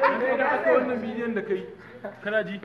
Kai da aka wannan bidiyon da kai, kana ji?